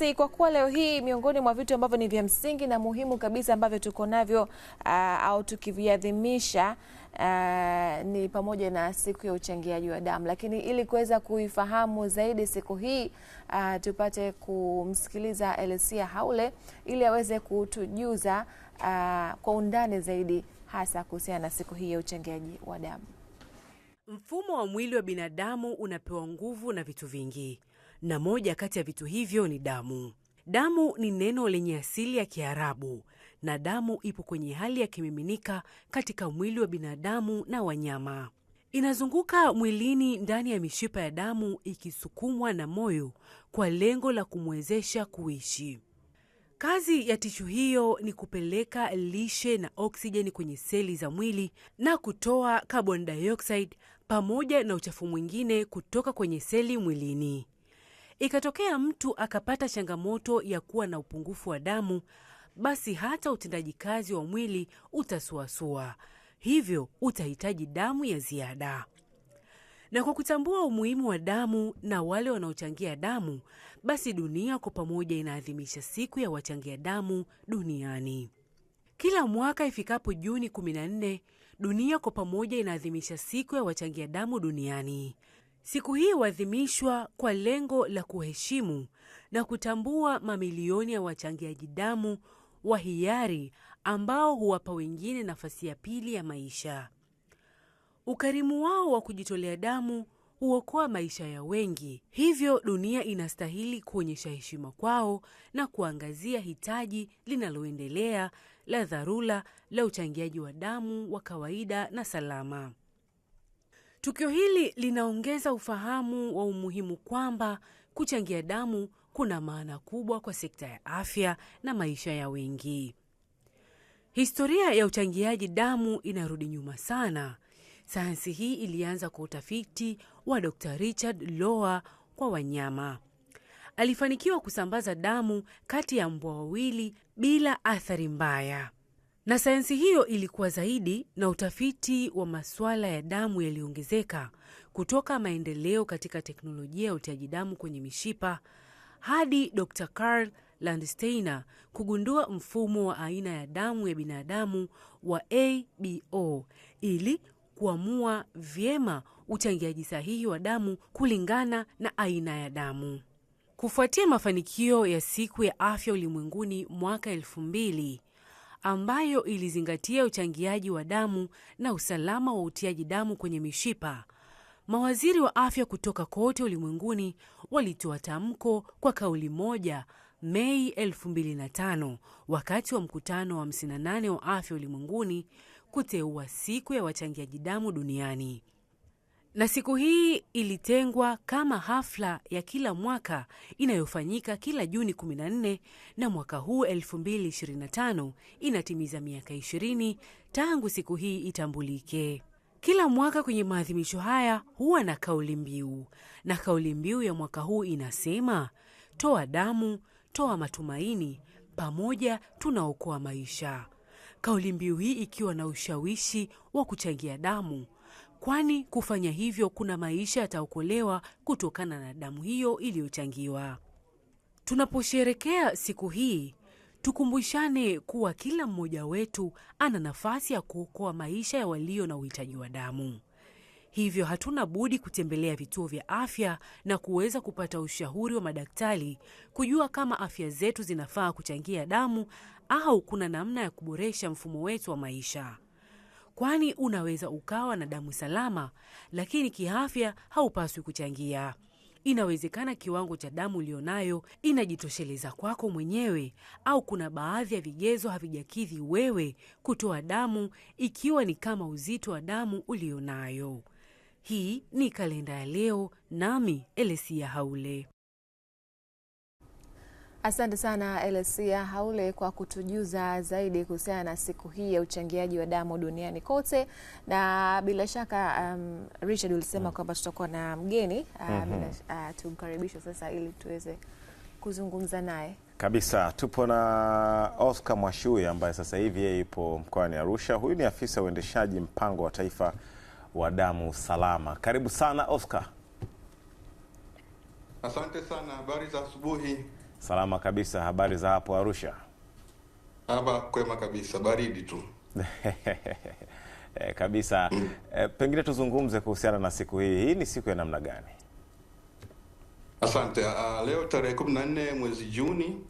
Si kwa kuwa leo hii miongoni mwa vitu ambavyo ni vya msingi na muhimu kabisa ambavyo tuko navyo uh, au tukiviadhimisha uh, ni pamoja na siku ya uchangiaji wa damu, lakini ili kuweza kuifahamu zaidi siku hii uh, tupate kumsikiliza Elesia Haule ili aweze kutujuza uh, kwa undani zaidi hasa kuhusiana na siku hii ya uchangiaji wa damu. Mfumo wa mwili wa binadamu unapewa nguvu na vitu vingi na moja kati ya vitu hivyo ni damu. Damu ni neno lenye asili ya Kiarabu na damu ipo kwenye hali ya kimiminika katika mwili wa binadamu na wanyama. Inazunguka mwilini ndani ya mishipa ya damu ikisukumwa na moyo kwa lengo la kumwezesha kuishi. Kazi ya tishu hiyo ni kupeleka lishe na oksijeni kwenye seli za mwili na kutoa carbon dioxide pamoja na uchafu mwingine kutoka kwenye seli mwilini. Ikatokea mtu akapata changamoto ya kuwa na upungufu wa damu, basi hata utendaji kazi wa mwili utasuasua, hivyo utahitaji damu ya ziada. Na kwa kutambua umuhimu wa damu na wale wanaochangia damu, basi dunia kwa pamoja inaadhimisha siku ya wachangia damu duniani. Kila mwaka ifikapo Juni 14, dunia kwa pamoja inaadhimisha siku ya wachangia damu duniani. Siku hii huadhimishwa kwa lengo la kuheshimu na kutambua mamilioni ya wachangiaji damu wa hiari ambao huwapa wengine nafasi ya pili ya maisha. Ukarimu wao wa kujitolea damu huokoa maisha ya wengi, hivyo dunia inastahili kuonyesha heshima kwao na kuangazia hitaji linaloendelea la dharura la uchangiaji wa damu wa kawaida na salama. Tukio hili linaongeza ufahamu wa umuhimu kwamba kuchangia damu kuna maana kubwa kwa sekta ya afya na maisha ya wengi. Historia ya uchangiaji damu inarudi nyuma sana. Sayansi hii ilianza kwa utafiti wa Dr. Richard loa kwa wanyama. Alifanikiwa kusambaza damu kati ya mbwa wawili bila athari mbaya na sayansi hiyo ilikuwa zaidi na utafiti wa masuala ya damu yaliyoongezeka kutoka maendeleo katika teknolojia ya utiaji damu kwenye mishipa hadi Dr. Karl Landsteiner kugundua mfumo wa aina ya damu ya binadamu wa ABO ili kuamua vyema uchangiaji sahihi wa damu kulingana na aina ya damu. Kufuatia mafanikio ya siku ya afya ulimwenguni mwaka elfu mbili ambayo ilizingatia uchangiaji wa damu na usalama wa utiaji damu kwenye mishipa. Mawaziri wa afya kutoka kote ulimwenguni walitoa tamko kwa kauli moja Mei 2005 wakati wa mkutano wa 58 wa afya ulimwenguni kuteua siku ya wachangiaji damu duniani na siku hii ilitengwa kama hafla ya kila mwaka inayofanyika kila Juni 14 na mwaka huu 2025 inatimiza miaka 20 tangu siku hii itambulike. Kila mwaka kwenye maadhimisho haya huwa na kauli mbiu, na kauli mbiu ya mwaka huu inasema toa damu, toa matumaini, pamoja tunaokoa maisha. Kauli mbiu hii ikiwa na ushawishi wa kuchangia damu kwani kufanya hivyo kuna maisha yataokolewa kutokana na damu hiyo iliyochangiwa. Tunaposherekea siku hii, tukumbushane kuwa kila mmoja wetu ana nafasi ya kuokoa maisha ya walio na uhitaji wa damu. Hivyo hatuna budi kutembelea vituo vya afya na kuweza kupata ushauri wa madaktari kujua kama afya zetu zinafaa kuchangia damu au kuna namna ya kuboresha mfumo wetu wa maisha kwani unaweza ukawa na damu salama, lakini kiafya haupaswi kuchangia. Inawezekana kiwango cha damu ulionayo inajitosheleza kwako mwenyewe, au kuna baadhi ya vigezo havijakidhi wewe kutoa damu, ikiwa ni kama uzito wa damu ulionayo. Hii ni kalenda ya leo, nami Elesia Haule. Asante sana Elsia Haule kwa kutujuza zaidi kuhusiana na siku hii ya uchangiaji wa damu duniani kote, na bila shaka um, Richard ulisema mm -hmm. kwamba tutakuwa na mgeni uh, mm -hmm. uh, tumkaribishe sasa ili tuweze kuzungumza naye kabisa. Tupo na Oscar Mwashui ambaye sasa hivi yeye yupo mkoani Arusha. Huyu ni afisa uendeshaji mpango wa taifa wa damu salama. Karibu sana Oscar. Asante sana, habari za asubuhi. Salama kabisa. Habari za hapo Arusha? Hapa kwema kabisa, baridi tu eh, kabisa mm. E, pengine tuzungumze kuhusiana na siku hii. Hii ni siku ya namna gani? Asante. Uh, leo tarehe kumi na nne mwezi Juni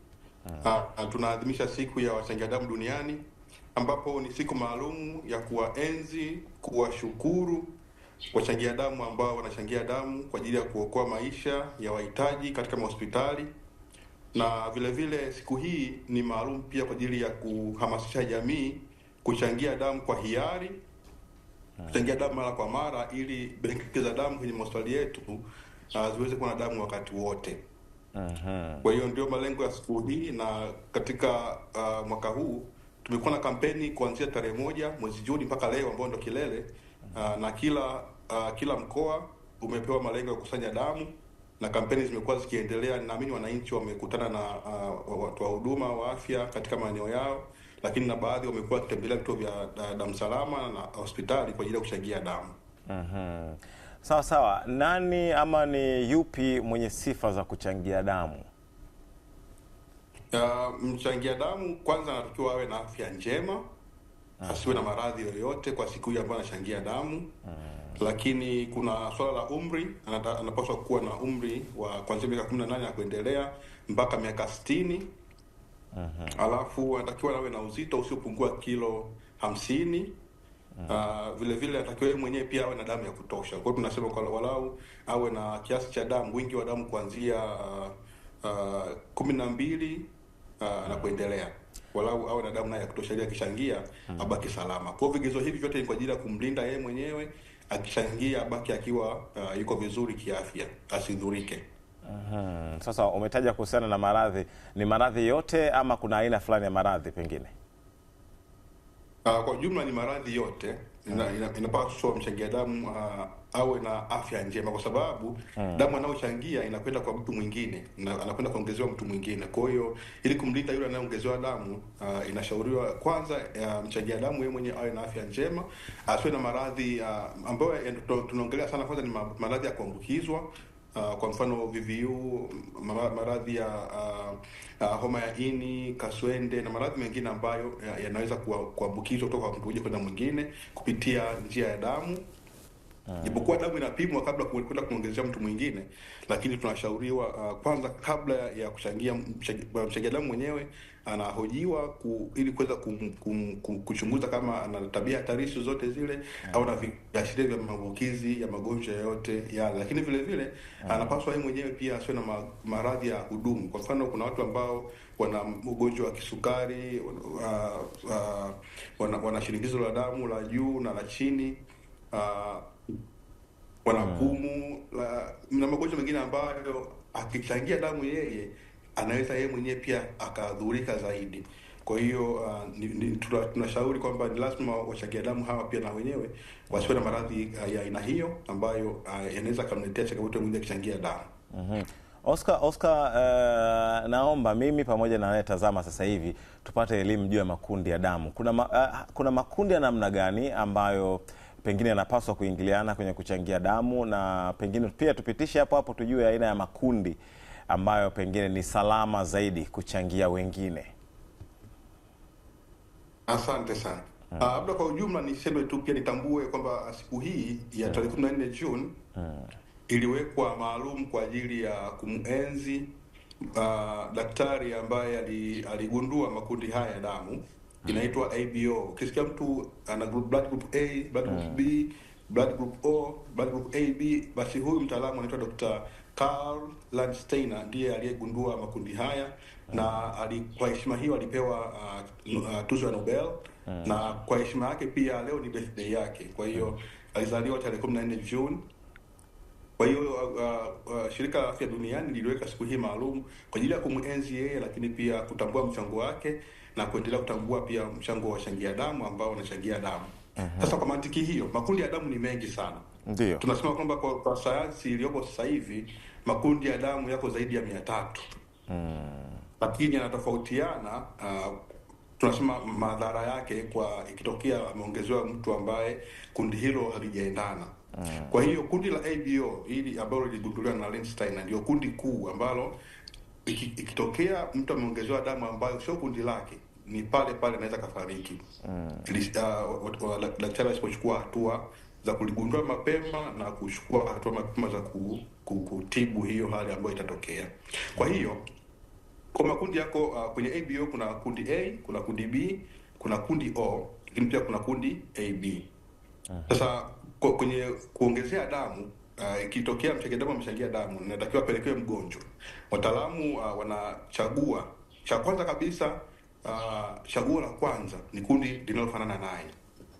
uh, tunaadhimisha siku ya wachangia damu duniani ambapo ni siku maalum ya kuwaenzi, kuwashukuru wachangia damu ambao wanachangia damu kwa ajili ya kuokoa maisha ya wahitaji katika mahospitali na vile vile siku hii ni maalum pia kwa ajili ya kuhamasisha jamii kuchangia damu kwa hiari, kuchangia damu mara kwa mara, ili benki za damu kwenye hospitali yetu uh, ziweze kuwa na damu wakati wote. Aha. Kwa hiyo ndio malengo ya siku hii, na katika uh, mwaka huu tumekuwa na kampeni kuanzia tarehe moja mwezi Juni mpaka leo ambayo ndo kilele uh, na kila uh, kila mkoa umepewa malengo ya kukusanya damu na kampeni zimekuwa zikiendelea. Naamini wananchi wamekutana na uh, watu wa huduma wa afya katika maeneo yao, lakini na baadhi wamekuwa wakitembelea vituo vya uh, damu salama na hospitali kwa ajili ya kuchangia damu. mm-hmm. Sawa sawa, nani ama ni yupi mwenye sifa za kuchangia damu? Uh, mchangia damu kwanza anatakiwa awe na afya njema, asiwe na maradhi yoyote kwa siku hiyo ambayo anachangia damu. mm-hmm lakini kuna swala la umri, anapaswa kuwa na umri wa kuanzia miaka kumi na nane ya kuendelea mpaka miaka uh-huh. Alafu anatakiwa nawe na uzito usiopungua kilo hamsini. Uh, vile vile anatakiwa yeye mwenyewe pia awe na damu ya kutosha. kwao tunasema kwa walau awe na kiasi cha damu, wingi wa damu kuanzia uh, uh, kumi na mbili uh, uh-huh. na mhm. kuendelea, walau awe na damu naye ya kutosha ili akishangia uh-huh. abaki salama. kwao vigezo hivi vyote ni kwa ajili ya kumlinda yeye mwenyewe akichangia abaki akiwa uh, yuko vizuri kiafya asidhurike. Mm-hmm. Sasa umetaja kuhusiana na maradhi, ni maradhi yote ama kuna aina fulani ya maradhi pengine? Uh, kwa jumla ni maradhi yote inapaswa ina, ina mchangia damu uh, awe na afya njema, kwa sababu mm. damu anayochangia inakwenda kwa mtu mwingine na anakwenda kuongezewa mtu mwingine. Kwa hiyo ili kumlinda yule anayeongezewa damu, uh, inashauriwa kwanza, uh, mchangia damu yeye mwenyewe awe na afya njema, asiwe na maradhi uh, ambayo uh, tunaongelea sana. Kwanza ni maradhi ya kuambukizwa Uh, kwa mfano VVU, maradhi ya uh, uh, homa ya ini, kaswende na maradhi mengine ambayo yanaweza ya kuambukizwa kutoka kwa mtu mmoja kwenda mwingine kupitia njia ya damu. Mm. Japokuwa damu inapimwa kabla kwenda kumwongezea mtu mwingine, lakini tunashauriwa uh, kwanza kabla ya kuchangia mchangia damu mwenyewe anahojiwa ku, ili kuweza kum, kum, kum, kuchunguza kama ana tabia hatarishi zote zile mm. au na viashiria vya maambukizi ya magonjwa yoyote yale, lakini vile vile mm. anapaswa yeye mwenyewe pia asiwe na maradhi ya kudumu. Kwa mfano, kuna watu ambao wana ugonjwa wa kisukari uh, uh, wana, wana shinikizo la damu la juu na la chini uh, wanapumu la, na magonjwa mengine ambayo akichangia damu yeye anaweza yeye mwenyewe pia akadhurika zaidi. Kwa hiyo uh, tunashauri kwamba ni lazima wachangia damu hawa pia na wenyewe wasiwe na maradhi uh, ya aina hiyo ambayo uh, yanaweza akamletea changamoto mwingine akichangia damu. mm -hmm. Oscar, Oscar uh, naomba mimi pamoja na anayetazama sasa hivi tupate elimu juu ya makundi ya damu. Kuna, ma, uh, kuna makundi ya namna gani ambayo pengine yanapaswa kuingiliana kwenye kuchangia damu, na pengine pia tupitishe hapo hapo tujue aina ya makundi ambayo pengine ni salama zaidi kuchangia wengine. Asante sana. Hmm. Uh, labda kwa ujumla niseme tu pia nitambue kwamba siku hii ya hmm. tarehe 14 Juni hmm. iliwekwa maalum kwa ajili ya kumenzi uh, ah, daktari ambaye aligundua makundi haya ya damu inaitwa ABO. Ukisikia mtu ana group blood group A, blood group hmm. B, blood group O, blood group AB, basi huyu mtaalamu anaitwa Dr. Karl Landsteiner ndiye aliyegundua makundi haya hmm. na ali, kwa heshima hiyo alipewa uh, uh, tuzo ya Nobel hmm. na kwa heshima yake pia leo ni birthday yake. Kwa hiyo alizaliwa tarehe 14 June kwa hiyo uh, uh, shirika la afya duniani liliweka siku hii maalum kwa ajili ya kumwenzi yeye, lakini pia kutambua mchango wake na kuendelea kutambua pia mchango wa wachangia damu ambao wanachangia damu. Uhum. Sasa kwa mantiki hiyo makundi ya damu ni mengi sana. Ndiyo. Tunasema kwamba kwa, kwa sayansi iliyopo sasa hivi makundi ya damu yako zaidi ya mia tatu. Mm. Lakini yanatofautiana uh, tunasema madhara yake kwa ikitokea ameongezewa mtu ambaye kundi hilo halijaendana. Mm. Kwa hiyo kundi la ABO hili ambalo liligunduliwa na Lenstein ndio kundi kuu ambalo ikitokea mtu ameongezewa damu ambayo sio kundi lake ni pale pale anaweza kafariki. Mm. Uh, daktari asipochukua hatua za kuligundua mapema na kuchukua hatua mapema za ku, ku, kutibu hiyo hali ambayo itatokea. Kwa mm. hiyo kwa makundi yako uh, kwenye ABO kuna kundi A, kuna kundi B, kuna kundi O, lakini pia kuna kundi AB. Sasa kwenye kuongezea damu uh, ikitokea uh, damu ameshangia damu, inatakiwa apelekewe mgonjwa. Wataalamu uh, wanachagua cha kwanza kabisa uh, chaguo la kwanza ni kundi linalofanana naye.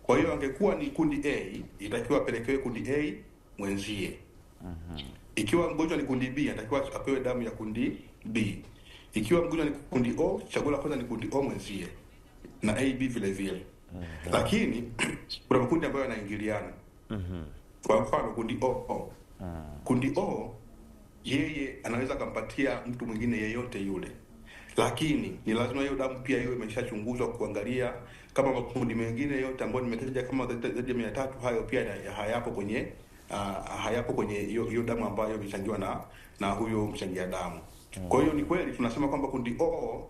Kwa hiyo angekuwa ni kundi A, itakiwa apelekewe kundi A mwenzie. Mhm. Ikiwa mgonjwa ni kundi B, anatakiwa apewe damu ya kundi B. Ikiwa mgonjwa ni kundi O, chaguo la kwanza ni kundi O mwenzie na AB vile vile. Aha. Mhm. Lakini kuna makundi ambayo yanaingiliana mm-hmm. kwa mfano kundi o mm. kundi o yeye anaweza akampatia mtu mwingine yeyote yule lakini ni lazima hiyo damu pia iwe imeshachunguzwa kuangalia kama makundi mengine yote ambayo nimetaja kama zaidi ya mia tatu hayo pia hayapo kwenye uh, hayapo kwenye hiyo damu ambayo imechangiwa na na huyo mchangia damu mm. kwa hiyo ni kweli tunasema kwamba kundi o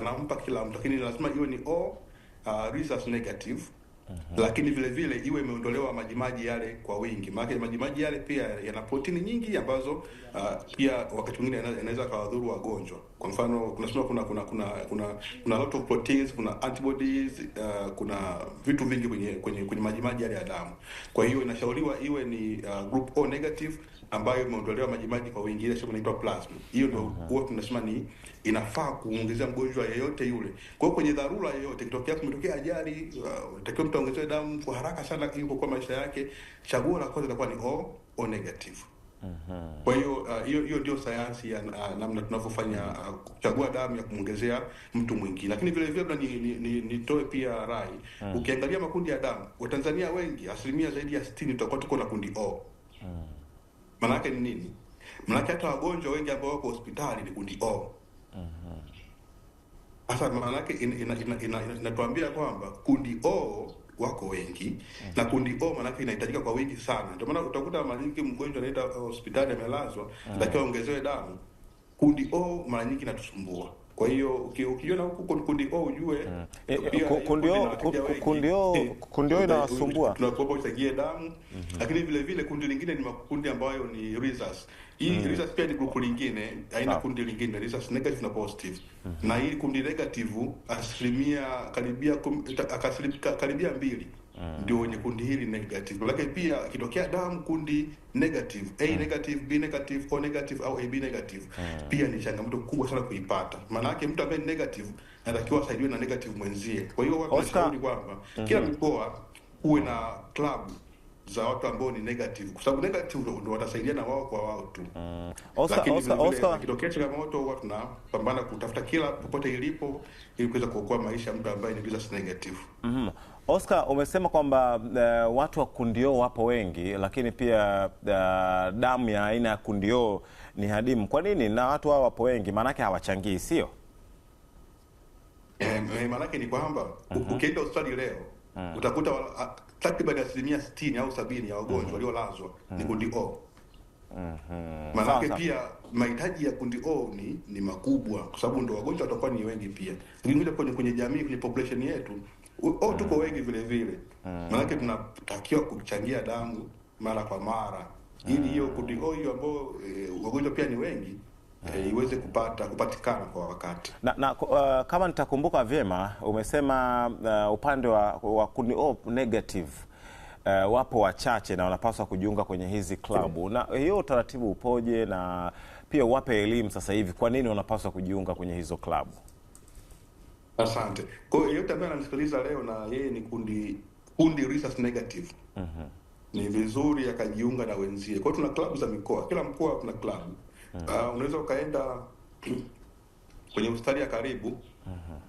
anampa kila mtu lakini lazima iwe ni o uh, ah, resource negative Mhm. lakini vile vile iwe imeondolewa majimaji yale kwa wingi, maana majimaji yale pia yana protini nyingi ambazo uh, pia wakati mwingine yanaweza kawadhuru wagonjwa. Kwa mfano tunasema kuna kuna kuna kuna kuna lot of proteins, kuna antibodies uh, kuna vitu vingi kwenye kwenye kwenye maji maji yale ya damu. Kwa hiyo inashauriwa iwe ni uh, group O negative ambayo imeondolewa maji maji, kwa Uingereza sio inaitwa plasma. Hiyo ndio huwa tunasema ni inafaa kuongezea mgonjwa yeyote yule. Kwa hiyo kwenye dharura yoyote, kitokea kumetokea ajali, unatakiwa uh, mtu aongezewe damu kwa haraka sana ili kuokoa maisha yake. Chaguo la kwanza litakuwa ni O O negative. Mhm. Kwa uh, hiyo hiyo ndio sayansi ya uh, namna tunavyofanya uh, kuchagua damu ya kumwongezea mtu mwingine. Lakini vile vile ni, ni, ni, nitoe pia rai mm. Ukiangalia makundi ya damu, Watanzania wengi asilimia zaidi ya 60 tutakuwa tuko na kundi O mm. Maana yake ni nini? Maana yake hata wagonjwa wengi ambao wako hospitali ni kundi O mhm. sasa. Maana yake inatuambia kwamba kundi O wako wengi mm. na kundi O maanake inahitajika kwa wingi sana. Ndio maana utakuta mara nyingi mgonjwa anaenda hospitali amelazwa, mm. lakini aongezewe damu. Kundi O mara nyingi inatusumbua kwa hiyo ukiona huku kundi O ujue eh, eh, eh, kundi O inawasumbua, tunakuomba uchagie damu. Mhm. Lakini vile vile kundi lingine ni makundi ambayo ni rhesus. Hii mm. rhesus pia ni grupu lingine, aina ah. kundi lingine, rhesus negative na positive mhm. na hii kundi negative asilimia karibia, karibia mbili Mm. ndio wenye kundi hili negative. Lakini pia kitokea damu kundi negative, A mm. negative, B negative, O negative au AB negative, mm. pia ni changamoto kubwa sana kuipata. Maana yake mtu ambaye ni negative anatakiwa asaidiwe na negative mwenzie. Kwa hiyo wanashauri kwamba kila mkoa mm-hmm. uwe na club za watu ambao ni negative kwa sababu negative ndio watasaidia na wao kwa wao tu. Mm. Lakini Oscar, Oscar. Kitokea changamoto huwa tunapambana kutafuta kila popote ilipo ili kuweza kuokoa maisha ya mtu ambaye ni business negative. Mm -hmm. Oscar, umesema kwamba uh, watu wa kundio wapo wengi, lakini pia uh, damu ya aina ya kundio ni hadimu. Kwa nini? Na watu hao wapo wengi, maanake hawachangii, sio? Eh, eh maanake ni kwamba uh mhm. -huh. ukienda hospitali leo uh mm. -huh. utakuta takriban asilimia sitini au sabini ya wagonjwa uh mhm. -huh. waliolazwa uh -huh. ni kundi O. Mm -hmm. pia mahitaji ya kundi O ni, ni makubwa kwa sababu ndo wagonjwa watakuwa ni wengi pia. Vile kwenye, kwenye jamii kwenye population yetu au tuko mm. wengi vile vile, mm. maanake tunatakiwa kuchangia damu mara kwa mara ili hiyo mm. kundi hiyo ambao eh, wagonjwa pia ni wengi e, iweze kupata kupatikana kwa wakati na, na uh, kama nitakumbuka vyema umesema uh, upande wa, wa kundi O negative uh, wapo wachache na wanapaswa kujiunga kwenye hizi klabu na hiyo utaratibu upoje? Na pia uwape elimu sasa hivi, kwa nini wanapaswa kujiunga kwenye hizo klabu? Asante. Kwa hiyo yeyote ambaye ananisikiliza leo na yeye ni kundi kundi resource negative uh mhm. -huh. ni vizuri akajiunga na wenzie. Kwa hiyo tuna klabu za mikoa, kila mkoa kuna klabu mhm. uh -huh. uh, unaweza ukaenda kwenye hospitali ya karibu uh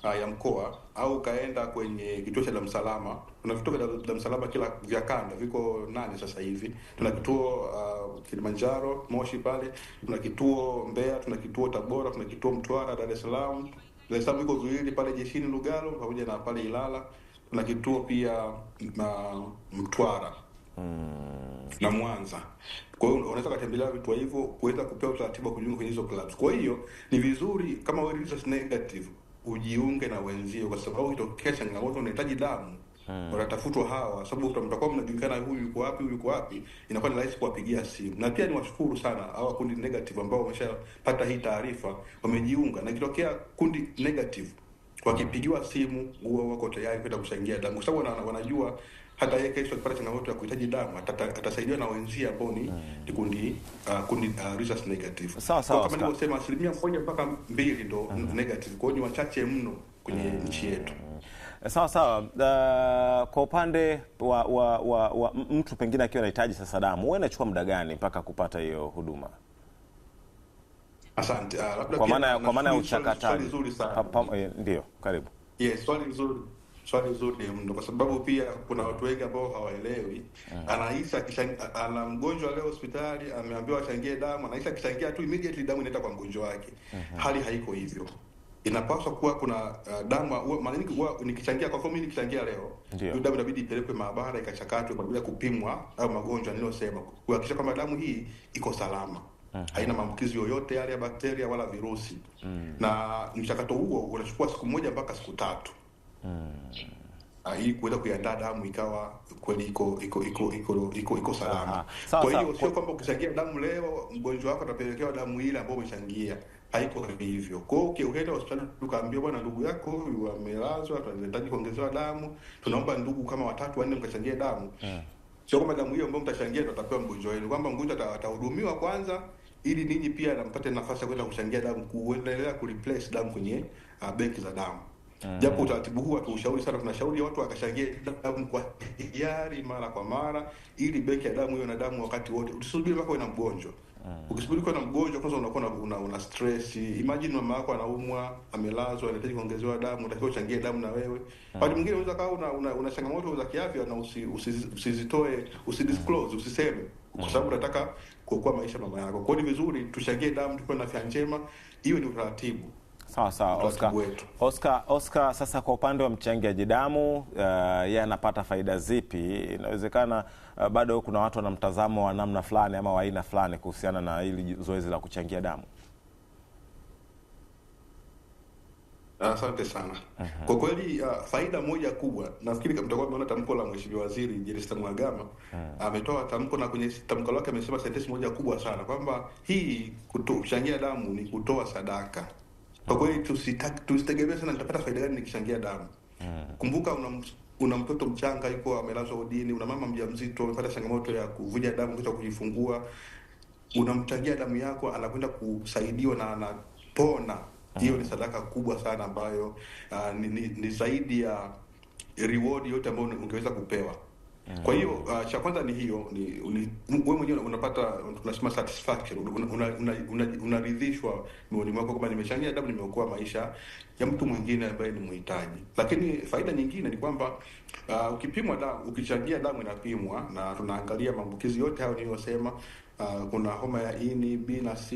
-huh. uh, ya mkoa au ukaenda kwenye kituo cha Dar es Salaam. Kuna vituo vya Dar es Salaam kila vya kanda viko nane sasa hivi. Tuna kituo uh, Kilimanjaro, Moshi pale, tuna kituo Mbeya, tuna kituo Tabora, tuna kituo Mtwara, Dar es Salaam Dar es Salaam iko zuili pale jeshini Lugalo pamoja na pale Ilala na kituo pia na Mtwara mm. na Mwanza. Kwa hiyo unaweza ukatembelea vituo hivyo kuweza kupewa utaratibu wa kujiunga kwenye hizo clubs. Kwa hiyo ni vizuri kama wewe negative ujiunge na wenzio, kwa sababu ukitokea changamoto unahitaji damu mm. watatafutwa hawa, sababu mtakuwa mnajulikana, huyu yuko wapi, huyu yuko wapi, inakuwa ni rahisi kuwapigia simu. Na pia niwashukuru sana hawa kundi negative ambao wameshapata hii taarifa, wamejiunga, na kitokea kundi negative wakipigiwa simu huwa wako tayari kwenda kuchangia damu, kwa sababu wana, wanajua hata yeye kesho akipata changamoto ya kuhitaji damu atasaidiwa na wenzia ambao ni mm. kundi uh, kundi uh, ah, resource negative. Sawa sawa, kama nilivyosema, asilimia moja mpaka mbili ndo mm. negative, kwa hiyo ni wachache mno kwenye mm. nchi yetu. Sawa sawa. Uh, kwa upande wa, wa, wa, wa mtu pengine akiwa anahitaji sasa damu, wewe unachukua muda gani mpaka kupata hiyo huduma? Asante. Uh, labda kwa maana kwa maana ya uchakataji. Eh, ndio, karibu. Yes, swali nzuri swali nzuri mno kwa sababu pia kuna watu wengi ambao hawaelewi. Mm. Anahisi ana mgonjwa leo hospitali, ameambiwa achangie damu, anahisi akichangia tu immediately damu inaenda kwa mgonjwa wake. Mm-hmm. Hali haiko hivyo inapaswa kuwa kuna uh, damu mara nyingi huwa nikichangia kwa mimi nikichangia leo hiyo damu inabidi ipelekwe maabara ikachakatwe kwa ajili ya kupimwa au magonjwa niliyosema, kuhakikisha kwamba damu hii iko salama uh mhm. -huh. haina maambukizi yoyote yale ya bakteria wala virusi mm. na mchakato huo unachukua siku moja mpaka siku tatu mm. Uh, ah, ili kuweza kuiandaa damu ikawa kweli iko iko iko iko iko, iko salama. Kwa hiyo sio kwamba ukichangia damu leo mgonjwa wako atapelekewa damu ile ambayo umechangia haiko kama hivyo. Kwa hiyo okay, ukienda hospitali tukaambia, bwana, ndugu yako huyu amelazwa, tunahitaji kuongezewa damu, tunaomba ndugu kama watatu wanne mkachangia damu yeah. Sio kwamba damu hiyo ambayo mtachangia ndio atapewa mgonjwa wenu, kwamba mgonjwa atahudumiwa kwanza ili ninyi pia nampate nafasi ya kwenda kuchangia damu, kuendelea kureplace damu kwenye uh, ah, benki za damu mm. Japo utaratibu huu hatuushauri sana, tunashauri watu wakachangie damu kwa hiari mara kwa mara, ili benki ya damu hiyo na damu wakati wote, usisubiri mpaka uwe na mgonjwa Mm. Ukisubiri kuwa na mgonjwa kwanza, unakuwa una, una stress. Imagine mama yako anaumwa, amelazwa, anahitaji kuongezewa damu, unatakiwa uchangie damu na wewe. Mm. Wakati mwingine unaweza kawa una, una, una changamoto za kiafya na usizitoe, usi, usidisclose, mm. usiseme kwa sababu unataka kuokoa maisha mama yako. Kwa hiyo ni vizuri tuchangie damu, tukiwa na afya njema. Hiyo ni utaratibu. Sawa sawa Oscar. Oscar, Oscar, sasa kwa upande wa mchangiaji damu uh, yeye anapata faida zipi? Inawezekana uh, bado kuna watu wana mtazamo wa namna fulani ama wa aina fulani kuhusiana na hili zoezi la kuchangia damu. Asante sana. uh mhm. -huh. Kwa kweli uh, faida moja kubwa nafikiri mtakuwa mmeona tamko la Mheshimiwa Waziri Jenista Mhagama mhm. ametoa uh -huh. uh, tamko na kwenye tamko lake amesema sentensi moja kubwa sana kwamba hii kuchangia damu ni kutoa sadaka kwa kweli tusitegemee sana nitapata faida gani nikichangia damu. Hmm. Kumbuka una una mtoto mchanga yuko amelazwa udini, una mama mja mzito amepata changamoto ya kuvuja damu kisha kujifungua, unamchangia damu yako, anakwenda kusaidiwa na anapona. Hiyo ni hmm. sadaka kubwa sana ambayo uh, ni, ni, ni zaidi ya reward yote ambayo ungeweza kupewa. Kwa hiyo uh, cha kwanza ni hiyo ni wewe mwenyewe unapata tunasema satisfaction, unaridhishwa una, una, una mioni mwako kwamba nimechangia damu nimeokoa maisha ya mtu mwingine ambaye ni mhitaji. Lakini faida nyingine ni kwamba uh, ukipimwa damu, ukichangia damu inapimwa na tunaangalia maambukizi yote hayo niliyosema. Uh, kuna homa ya ini B na C,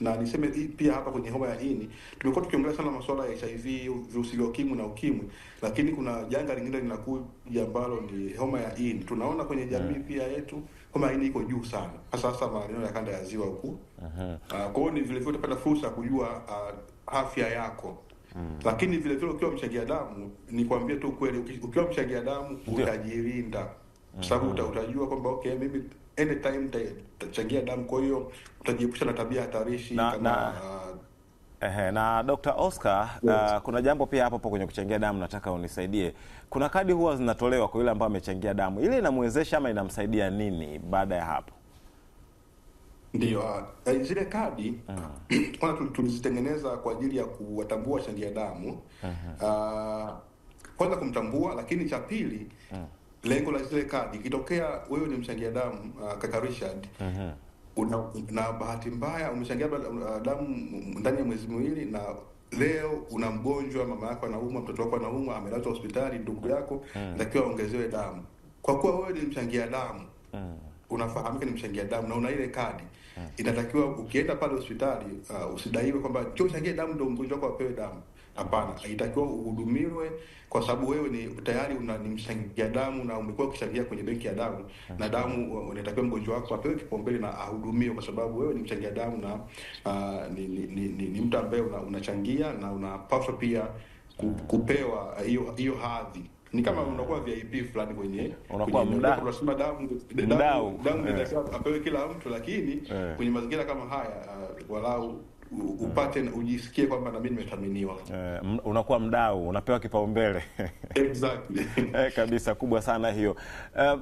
na niseme pia hapa kwenye homa ya ini tumekuwa tukiongelea sana masuala ya HIV, virusi vya ukimwi na ukimwi, lakini kuna janga lingine linakuja ambalo ni homa ya ini. Tunaona kwenye jamii pia yetu homa ya ini iko juu sana, hasa hasa maeneo ya kanda ya ziwa huku. Ah, kwa hiyo ni vile vile utapata fursa ya kujua uh, afya yako Hmm. Lakini vile vile ukiwa mchangia damu, nikwambie tu kweli, ukiwa mchangia damu utajilinda, kwa sababu utajua kwamba okay, mimi anytime tachangia damu, kwa hiyo utajiepusha na tabia hatarishi na, kama na, uh, ehe, na Dr. Oscar uh, yes. Uh, kuna jambo pia hapo hapo kwenye kuchangia damu nataka unisaidie. Kuna kadi huwa zinatolewa kwa yule ambaye amechangia damu, ile inamwezesha ama inamsaidia nini baada ya hapo? Ndio, uh, eh, zile kadi mm. uh -huh. tulizitengeneza kwa ajili ya kuwatambua wachangia damu uh mm-hmm. -huh. uh, kwanza kumtambua, lakini cha pili uh mm. -huh lengo la zile kadi, ikitokea wewe ni mchangia damu uh, kaka Richard uh -huh. una, na bahati mbaya umechangia uh, damu ndani ya mwezi miwili na leo una mgonjwa, mama yako anaumwa, mtoto wako anaumwa, amelazwa hospitali, ndugu yako natakiwa aongezewe damu. Kwa kuwa wewe ni mchangia damu unafahamika ni mchangia damu na una ile kadi, inatakiwa ukienda pale hospitali uh, usidaiwe kwamba cho damu ndio mgonjwa wako apewe damu. Hapana, haitakiwa uhudumiwe kwa sababu wewe ni tayari una ni mchangia damu na umekuwa ukichangia kwenye benki ya damu okay. Na damu uh, unatakiwa mgonjwa wako apewe kipaumbele na ahudumiwe, kwa sababu wewe ni mchangia damu na uh, ni, ni, ni, ni, ni mtu ambaye unachangia una na unapaswa pia ah. kupewa uh, hiyo hiyo hadhi ni kama ah. unakuwa VIP fulani kwenye unakuwa mdau damu damu, damu yeah. Apewe kila mtu, lakini yeah. kwenye mazingira kama haya uh, walau Mm. upate ujisikie kwamba nami nimethaminiwa. Uh, unakuwa mdau, unapewa kipaumbele exactly. Eh, kabisa kubwa sana hiyo. Uh,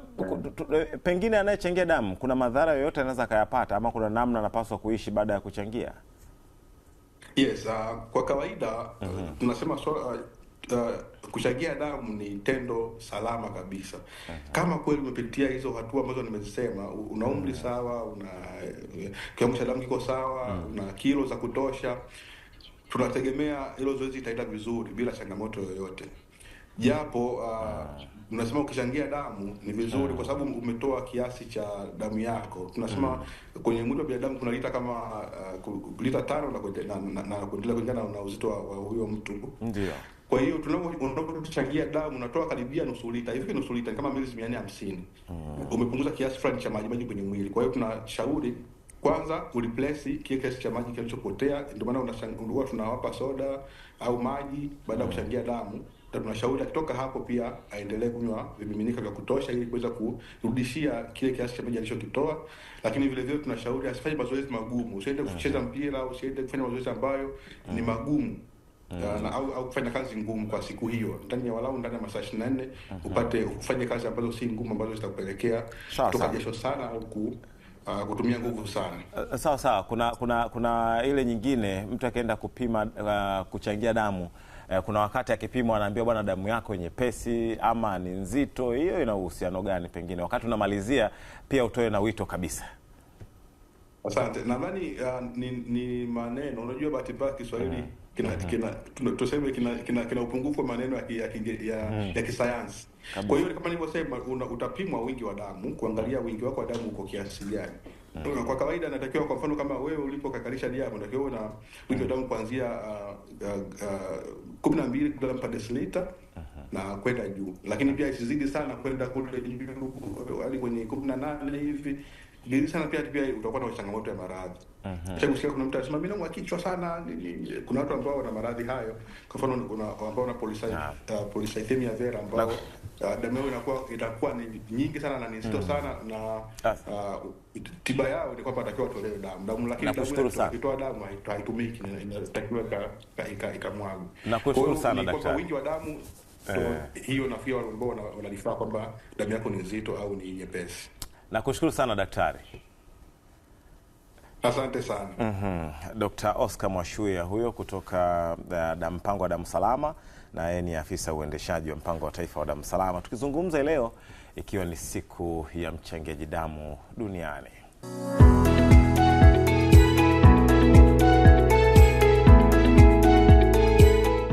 pengine anayechangia damu kuna madhara yoyote anaweza akayapata, ama kuna namna anapaswa kuishi baada ya kuchangia? Yes, uh, kwa kawaida uh, tunasema so, uh, uh, kuchangia damu ni tendo salama kabisa. Kama kweli umepitia hizo hatua ambazo nimezisema, una umri mm. sawa, una eh, kiwango cha damu kiko sawa, mm. una kilo za kutosha, tunategemea hilo zoezi itaenda vizuri bila changamoto yoyote japo uh, unasema ukichangia damu ni vizuri kwa sababu umetoa kiasi cha damu yako. Tunasema mm. kwenye mwili wa binadamu kuna lita kama uh, lita tano na kuendelea kulingana na, na, na, na uzito wa, wa huyo mtu ndio kwa hiyo unapotuchangia damu unatoa karibia nusu lita hivi, nusu lita kama mililita mia nne hamsini hmm. umepunguza kiasi fulani cha maji maji kwenye mwili. Kwa hiyo tunashauri kwanza ureplace kile kiasi cha maji kilichopotea. Ndio maana huwa tunawapa soda au maji baada ya hmm. kuchangia damu, na tunashauri akitoka hapo pia aendelee kunywa vimiminika vya kutosha, ili kuweza kurudishia kile kiasi cha maji alichokitoa. Lakini vile vile tunashauri asifanye mazoezi magumu, usiende kucheza hmm. mpira, usiende kufanya mazoezi ambayo ni magumu mm. na, au, au kufanya kazi ngumu kwa siku hiyo ndani ya walau ndani ya masaa ishirini na nne mhm. upate ufanye kazi ambazo si ngumu ambazo zitakupelekea kutoka jasho sana au ku Uh, kutumia nguvu sana uh, sawa sawa. Kuna, kuna, kuna ile nyingine mtu akienda kupima uh, kuchangia damu uh, kuna wakati akipimwa anaambiwa bwana, damu yako nyepesi ama ni nzito. Hiyo ina uhusiano gani? Pengine wakati unamalizia pia utoe na wito kabisa. Asante, nadhani uh, ni, ni maneno unajua, bahati mbaya Kiswahili uh mm. -huh kina, kina tuseme kina, kina, kina upungufu wa maneno ya, ya, ya, hmm. ya kisayansi. Kwa hiyo kama nilivyosema, utapimwa wingi wa damu kuangalia wingi wako wa damu uko kiasi gani. Uh Kwa kawaida natakiwa, kwa mfano kama wewe ulipokakarisha damu natakiwa na wingi wa damu kuanzia uh, uh, uh, kumi na mbili gramu per deciliter na kwenda juu, lakini pia isizidi sana kwenda kule juu hadi kwenye kumi na nane hivi. Ni sana pia pia utakuwa na changamoto ya maradhi. Mhm. Kusikia kuna mtu anasema mimi naumwa kichwa sana. Kuna watu ambao wana maradhi hayo, kwa mfano kuna ambao wana uh, polycythemia vera ambao Uh, damu yao inakuwa itakuwa ni nyingi sana na ni nzito mm. sana, na ah. uh, tiba yao ni kwamba atakiwa watolewe damu damu, lakini damu itoa damu haitumiki, inatakiwa ka, ka, ikamwagwe. Nakushukuru sana daktari. kwa Wingi wa damu eh. hiyo nafikia wale ambao wanalifaa kwamba damu yako ni nzito au ni nyepesi. Nakushukuru sana daktari. Asante sana. mm -hmm. Dr. Oscar Mwashuya huyo kutoka uh, mpango wa damu salama, na yeye ni afisa uendeshaji wa mpango wa taifa wa damu salama, tukizungumza leo ikiwa ni siku ya mchangiaji damu duniani.